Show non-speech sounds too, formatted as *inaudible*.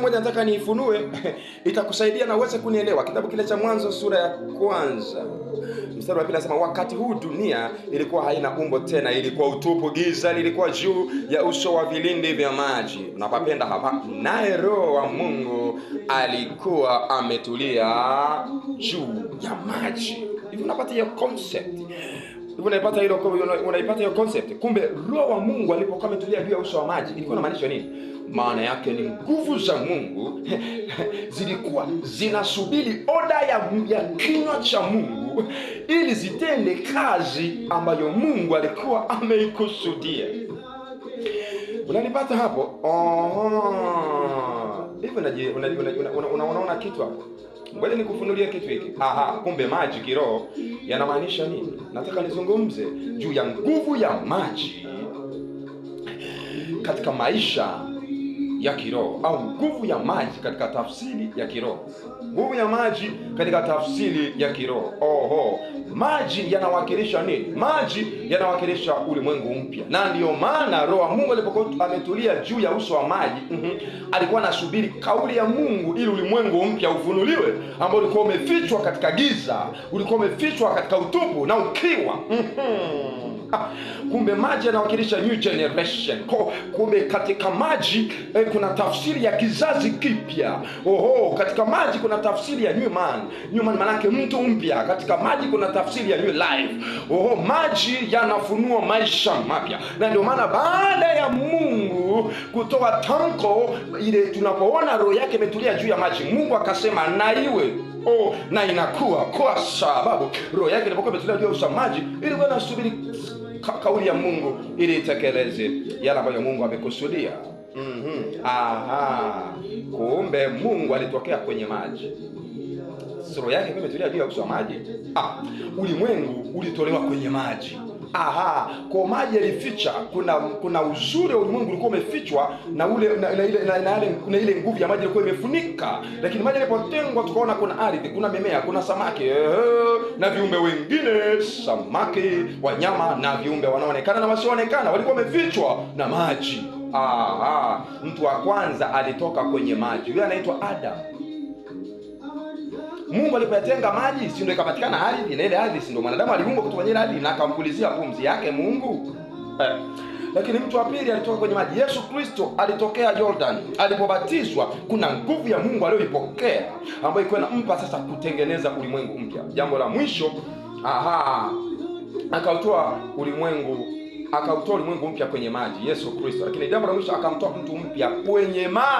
moja nataka niifunue *laughs* itakusaidia na uweze kunielewa. Kitabu kile cha Mwanzo sura ya kwanza mstari wa pili anasema, wakati huu dunia ilikuwa haina umbo tena, ilikuwa utupu, giza lilikuwa juu ya uso wa vilindi vya maji. Unapapenda hapa, naye Roho wa Mungu alikuwa ametulia juu ya maji. Hivi unapata hiyo concept? unaipata hilo, unaipata hiyo concept. Kumbe roho wa Mungu alipokuwa ametulia juu ya uso wa maji ilikuwa inamaanisha nini? Maana yake ni nguvu za Mungu *laughs* zilikuwa zinasubiri oda ya, ya kinywa cha Mungu ili zitende kazi ambayo Mungu alikuwa ameikusudia. Unanipata hapo? Hivi unaona kitu hapo? Ngoja nikufunulie kitu hiki. Aha, kumbe maji kiroho yanamaanisha nini? Nataka nizungumze juu ya nguvu ya maji katika maisha ya kiroho au nguvu ya maji katika tafsiri ya kiroho. Nguvu ya maji katika tafsiri ya kiroho. Oho, maji yanawakilisha nini? Maji yanawakilisha ulimwengu mpya, na ndiyo maana roho wa Mungu alipokuwa ametulia juu ya uso wa maji mm -hmm. alikuwa anasubiri kauli ya Mungu ili ulimwengu mpya ufunuliwe, ambao ulikuwa umefichwa katika giza, ulikuwa umefichwa katika utupu na ukiwa mm -hmm. Kumbe maji yanawakilisha new generation. Kumbe katika maji eh, kuna tafsiri ya kizazi kipya. Oho, katika maji kuna tafsiri ya new man. New man manake mtu mpya. Katika maji kuna tafsiri ya new life. Oho, maji yanafunua maisha mapya, na ndio maana baada ya Mungu kutoa tamko ile, tunapoona roho yake imetulia juu ya maji, Mungu akasema na iwe oh, na inakuwa kwa sababu roho yake ilipokuwa imetulia juu ya usamaji, ilikuwa inasubiri ka kauli ya Mungu ili itekeleze yale ambayo Mungu amekusudia. mm -hmm. Aha, kumbe Mungu alitokea kwenye maji Sura yake imetulia juu ya uso Ah, ulimwengu ulitolewa kwenye maji. Aha, kwa maji yalificha, kuna kuna uzuri wa ulimwengu ulikuwa umefichwa na ule na, na, ile, na, na, na ile nguvu ya maji ilikuwa imefunika, lakini maji yalipotengwa tukaona kuna ardhi, kuna mimea, kuna samaki eh, na viumbe wengine, samaki, wanyama na viumbe wanaonekana na wasioonekana walikuwa wamefichwa na maji. Aha, mtu wa kwanza alitoka kwenye maji, huyo anaitwa Adam. Mungu alipoyatenga maji, si ndio ikapatikana ardhi, na ile ardhi si ndio mwanadamu aliumbwa kutoka kwenye ardhi na akampulizia pumzi yake Mungu eh. Lakini mtu wa pili alitoka kwenye maji. Yesu Kristo alitokea Jordan, alipobatizwa kuna nguvu ya Mungu aliyoipokea ambayo ilikuwa inampa sasa kutengeneza ulimwengu mpya. Jambo la mwisho, aha, akautoa ulimwengu akautoa ulimwengu mpya kwenye maji Yesu Kristo. Lakini jambo la mwisho akamtoa mtu mpya kwenye maji.